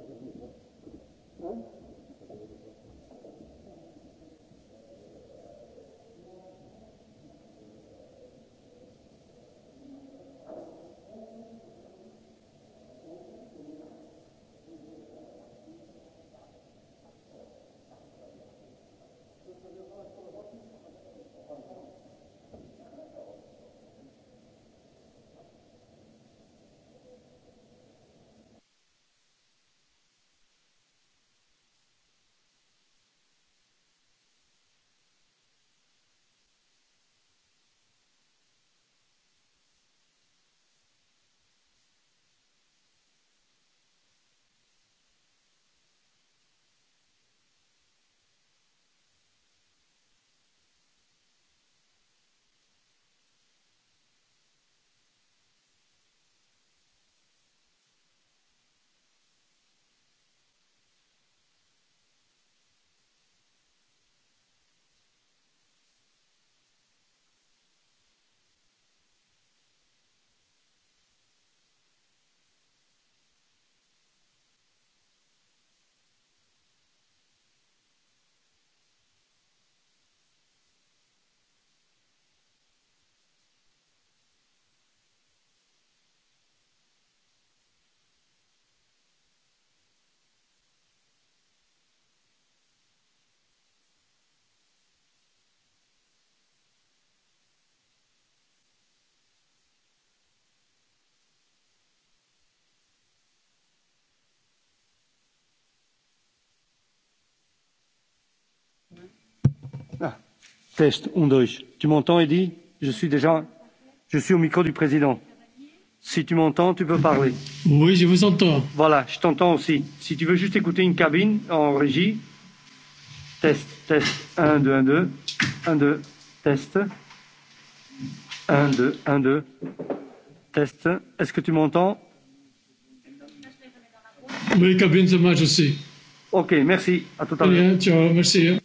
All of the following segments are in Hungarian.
kérdés. Nem? Test, un, deux. Tu m'entends, Eddy Je suis déjà. Je suis au micro du président. Si tu m'entends, tu peux parler. Oui, je vous entends. Voilà, je t'entends aussi. Si tu veux juste écouter une cabine en régie. Test, test. un, deux, un, deux, un, deux, Test. un, deux, un, deux, Test. Est-ce que tu m'entends Oui, cabine, ça marche aussi. Ok, merci. À tout à l'heure. Bien, ciao, merci.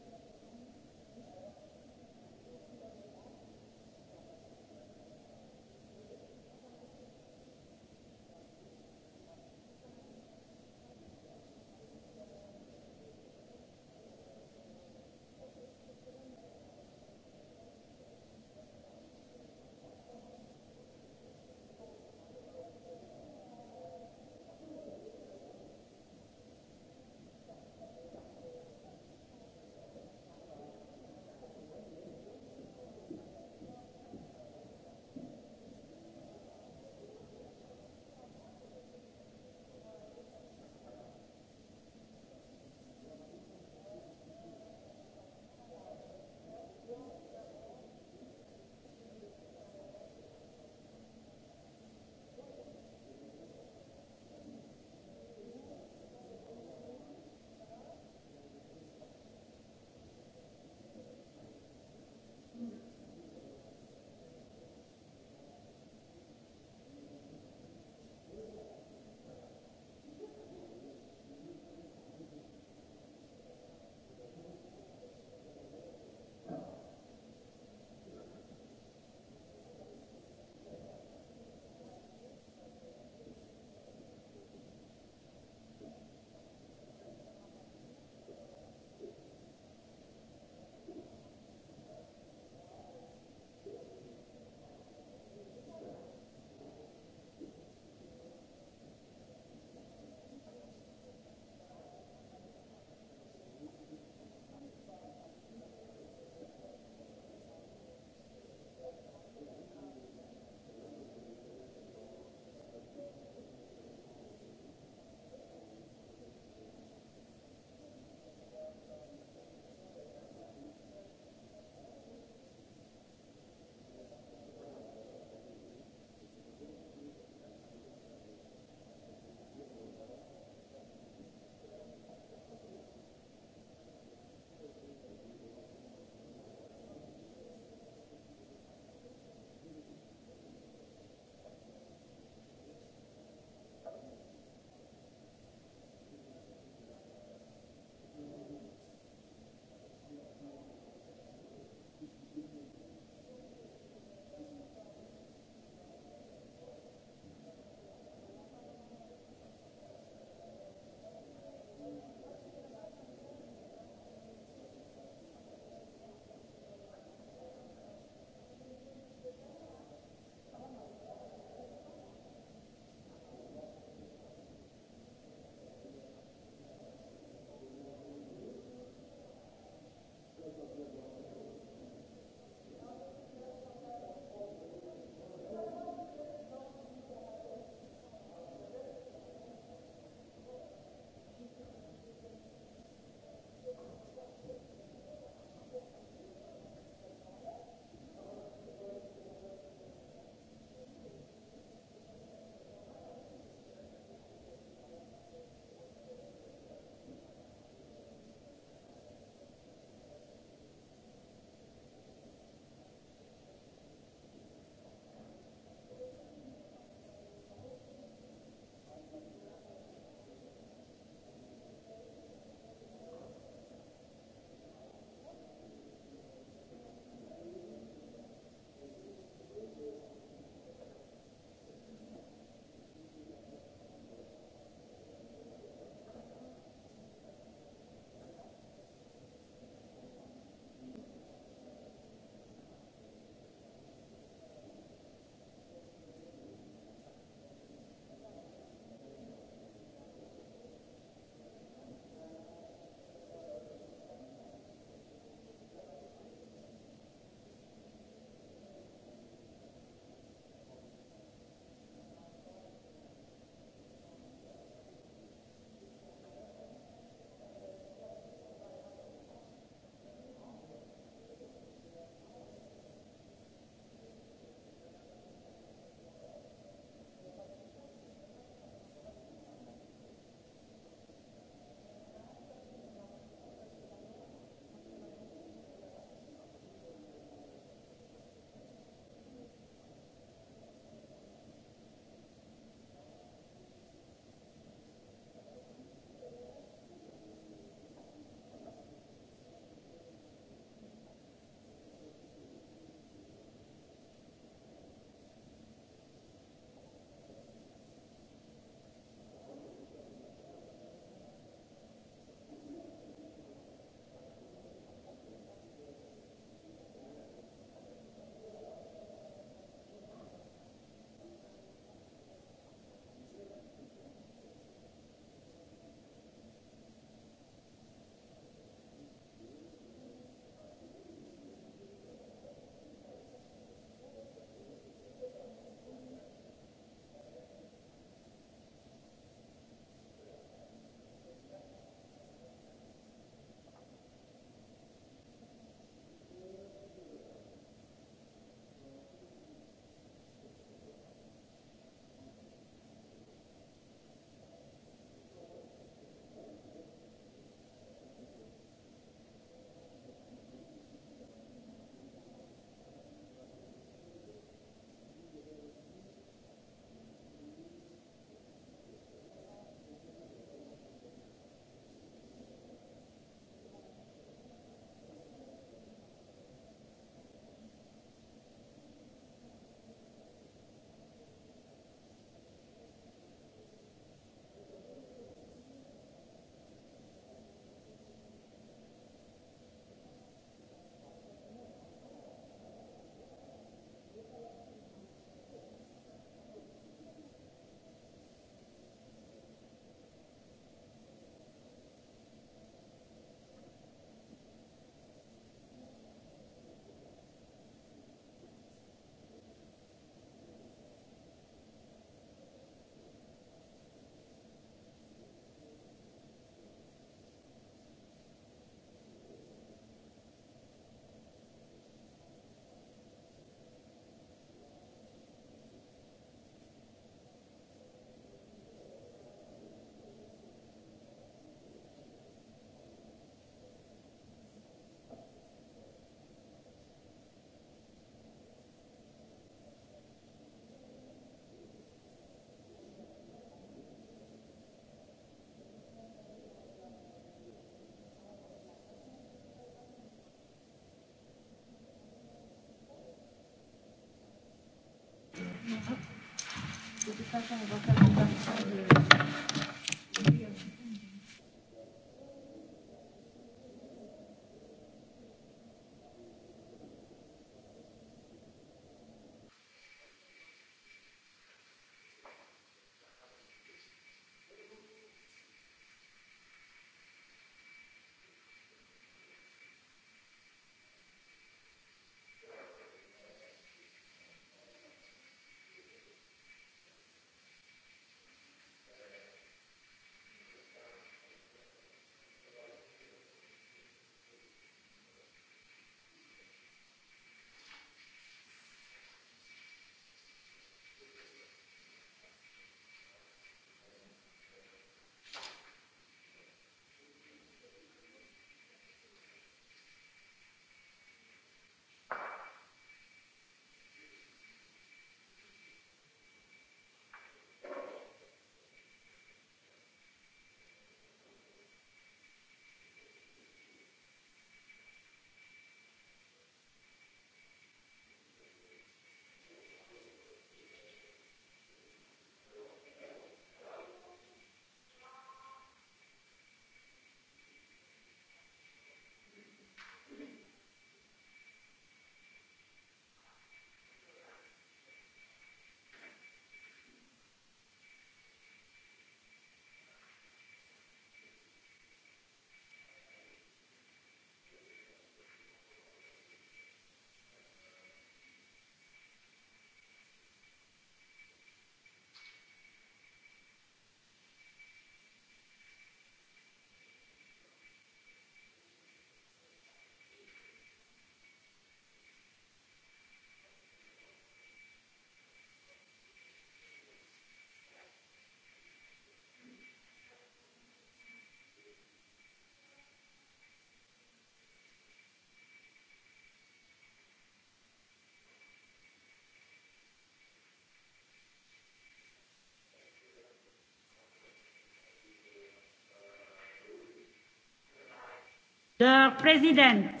The president.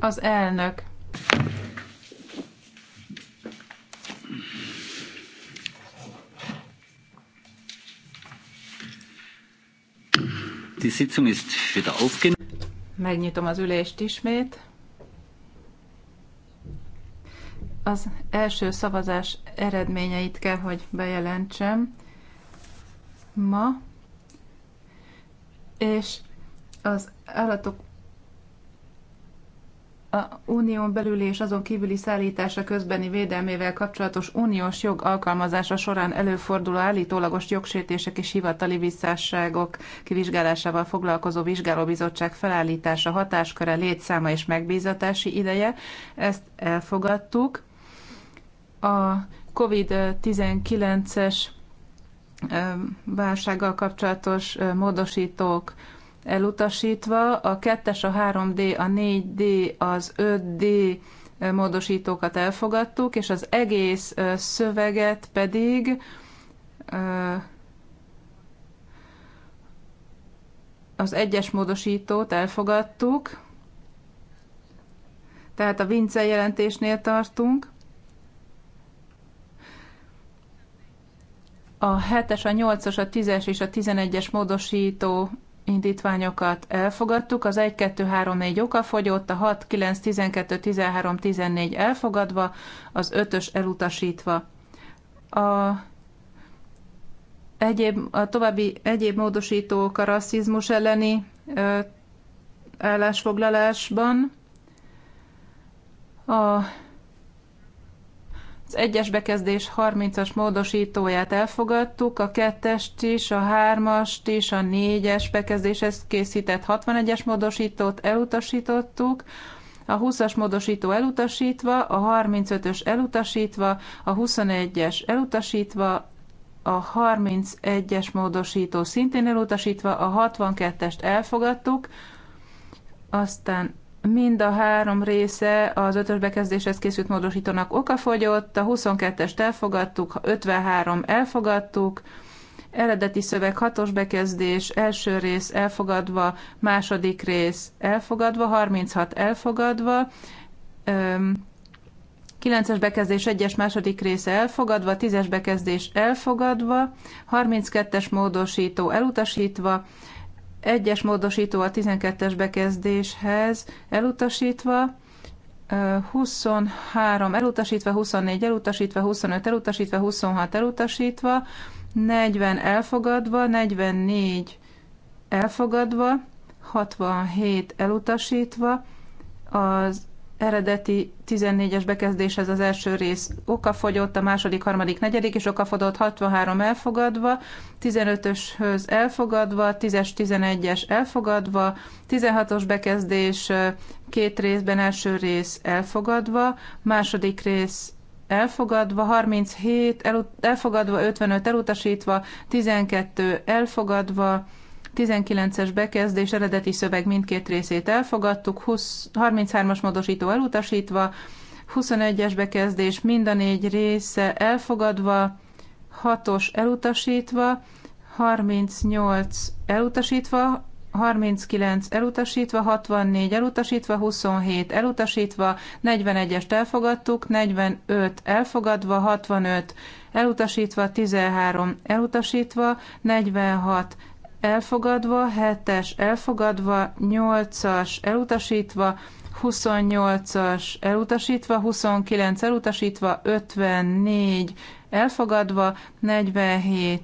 Az elnök. Die Sitzung ist wieder aufgenommen. Megnyitom az ülést ismét. Az első szavazás eredményeit kell, hogy bejelentsem ma, és az állatok a unión belüli és azon kívüli szállítása közbeni védelmével kapcsolatos uniós jog alkalmazása során előforduló állítólagos jogsértések és hivatali visszásságok kivizsgálásával foglalkozó vizsgálóbizottság felállítása, hatásköre, létszáma és megbízatási ideje. Ezt elfogadtuk. A COVID-19-es válsággal kapcsolatos módosítók elutasítva, a 2-es, a 3D, a 4D, az 5D módosítókat elfogadtuk, és az egész szöveget pedig az egyes módosítót elfogadtuk, tehát a Vince jelentésnél tartunk. A 7-es, a 8-as, a 10-es és a 11-es módosító indítványokat elfogadtuk, az 1, 2, 3, 4 oka fogyott, a 6, 9, 12, 13, 14 elfogadva, az 5-ös elutasítva. A egyéb, a további egyéb módosítók a rasszizmus elleni ö, állásfoglalásban. A az egyes bekezdés 30-as módosítóját elfogadtuk, a kettest is, a hármast is, a négyes bekezdéshez készített 61-es módosítót elutasítottuk, a 20-as módosító elutasítva, a 35-ös elutasítva, a 21-es elutasítva, a 31-es módosító szintén elutasítva, a 62-est elfogadtuk, aztán mind a három része az ötös bekezdéshez készült módosítónak okafogyott, a 22-est elfogadtuk, 53 elfogadtuk, eredeti szöveg hatos bekezdés, első rész elfogadva, második rész elfogadva, 36 elfogadva, 9-es bekezdés 1-es második része elfogadva, 10-es bekezdés elfogadva, 32-es módosító elutasítva, egyes módosító a 12-es bekezdéshez elutasítva, 23 elutasítva, 24 elutasítva, 25 elutasítva, 26 elutasítva, 40 elfogadva, 44 elfogadva, 67 elutasítva, az eredeti 14-es bekezdéshez az első rész okafogyott, a második, harmadik, negyedik is okafogyott, 63 elfogadva, 15-öshöz elfogadva, 10-es, 11-es elfogadva, 16-os bekezdés két részben első rész elfogadva, második rész elfogadva, 37 elut- elfogadva, 55 elutasítva, 12 elfogadva, 19-es bekezdés eredeti szöveg mindkét részét elfogadtuk, 33-as módosító elutasítva, 21-es bekezdés mind a négy része elfogadva, 6-os elutasítva, 38 elutasítva, 39 elutasítva, 64 elutasítva, 27 elutasítva, 41-est elfogadtuk, 45 elfogadva, 65 elutasítva, 13 elutasítva, 46 elfogadva, 7-es elfogadva, 8-as elutasítva, 28-as elutasítva, 29 elutasítva, 54 elfogadva, 47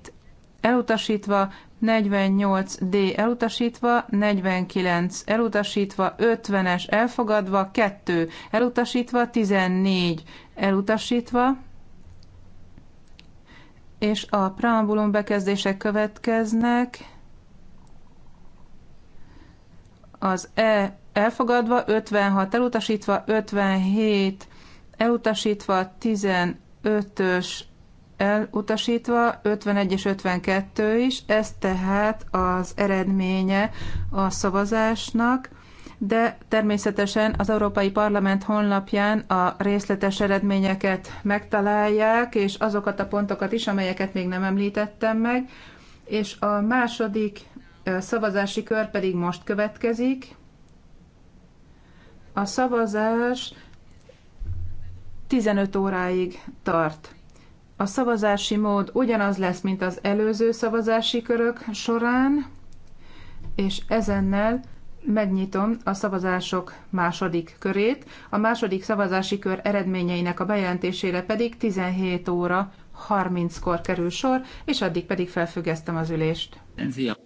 elutasítva, 48D elutasítva, 49 elutasítva, 50-es elfogadva, 2 elutasítva, 14 elutasítva, és a preambulum bekezdések következnek az E elfogadva, 56 elutasítva, 57 elutasítva, 15-ös elutasítva, 51 és 52 is, ez tehát az eredménye a szavazásnak, de természetesen az Európai Parlament honlapján a részletes eredményeket megtalálják, és azokat a pontokat is, amelyeket még nem említettem meg, és a második szavazási kör pedig most következik. A szavazás 15 óráig tart. A szavazási mód ugyanaz lesz, mint az előző szavazási körök során, és ezennel megnyitom a szavazások második körét. A második szavazási kör eredményeinek a bejelentésére pedig 17 óra 30-kor kerül sor, és addig pedig felfüggesztem az ülést. Enzia.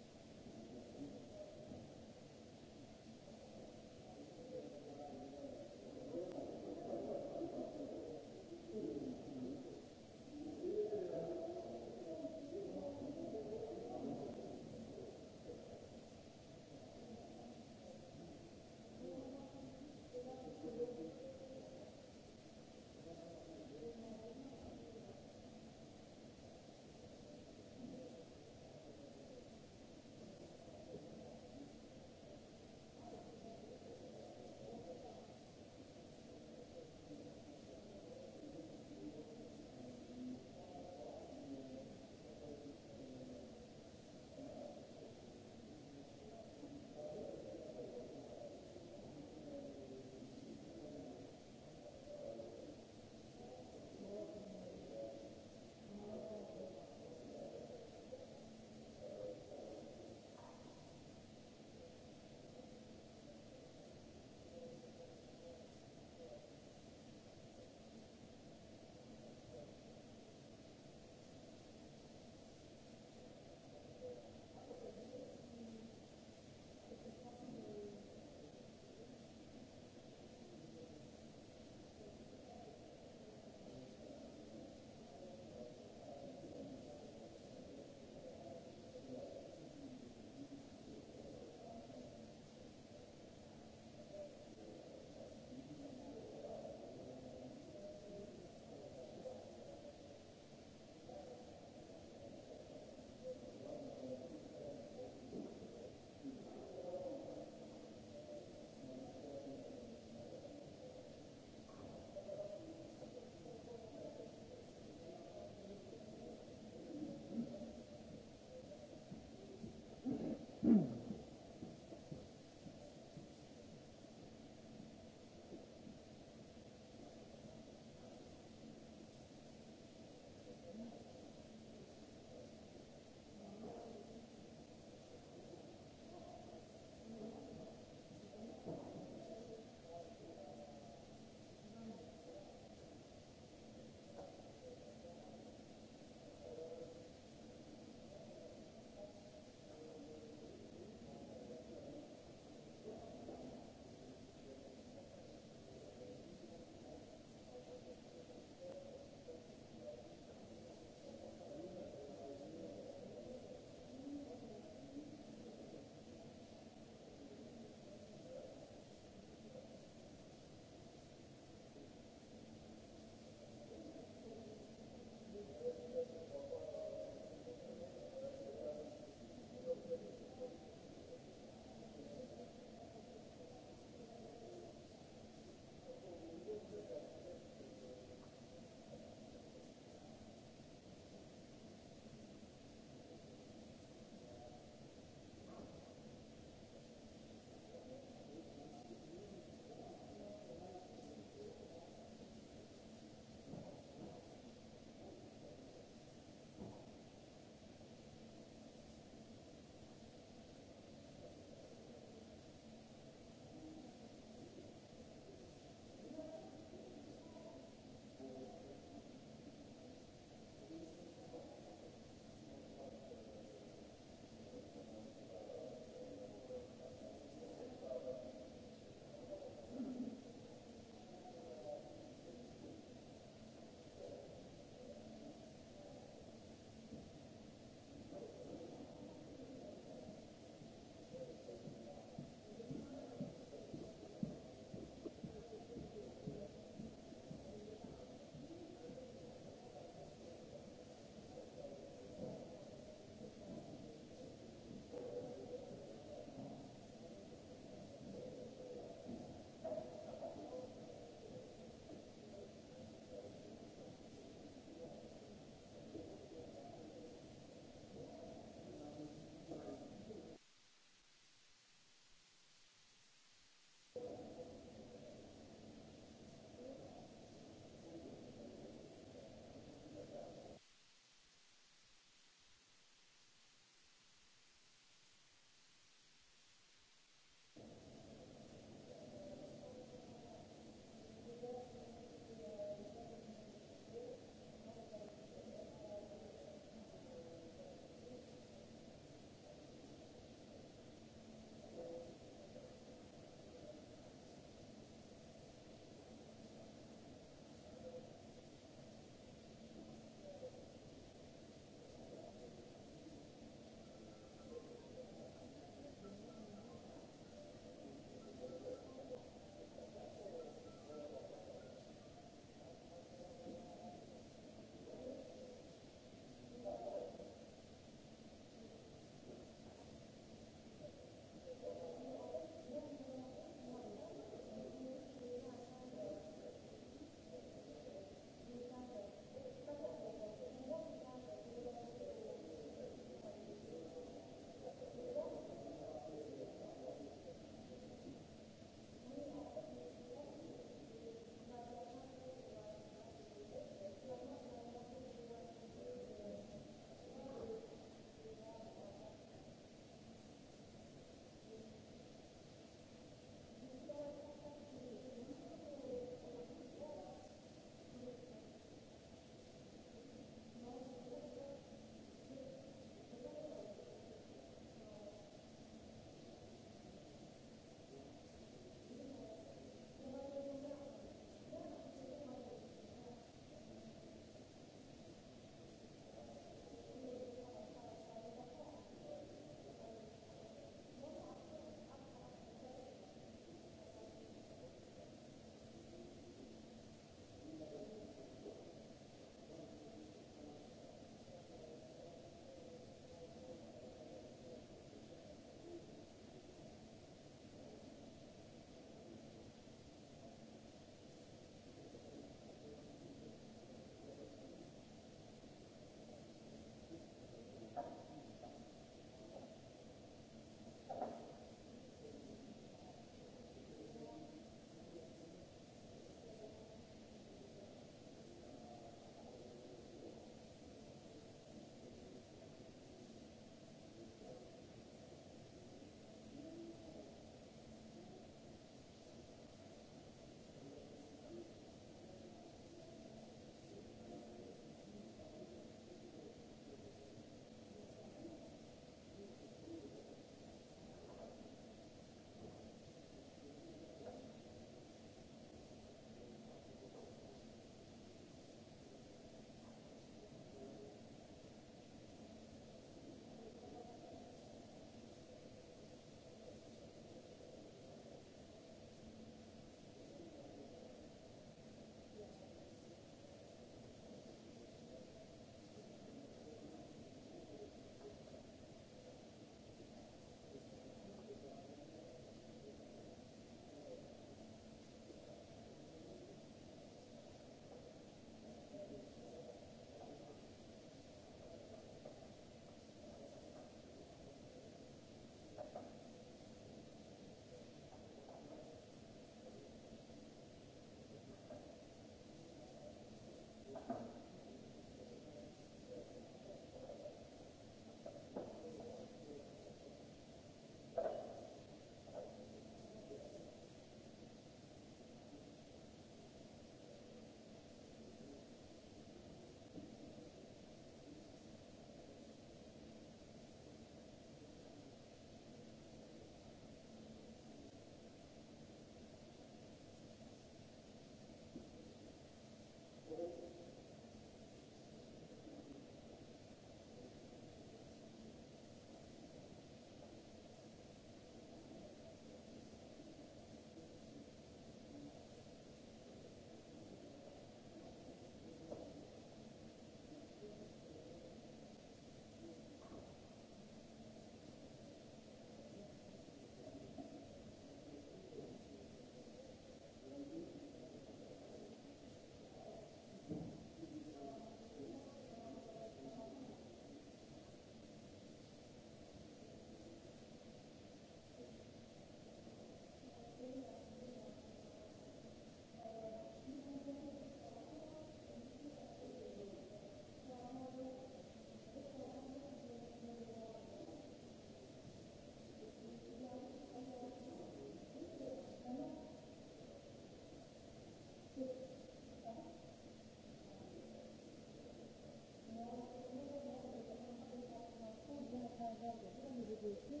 веки,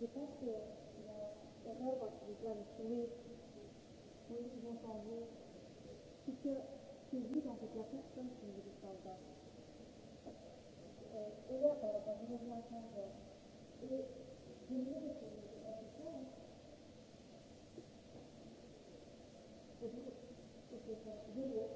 така че на Норват Визан Шуи, мои животани, тук се виждам като съм си ги досталда. Уляка, да не знам как да. И не мога да се обичам. Да бъде,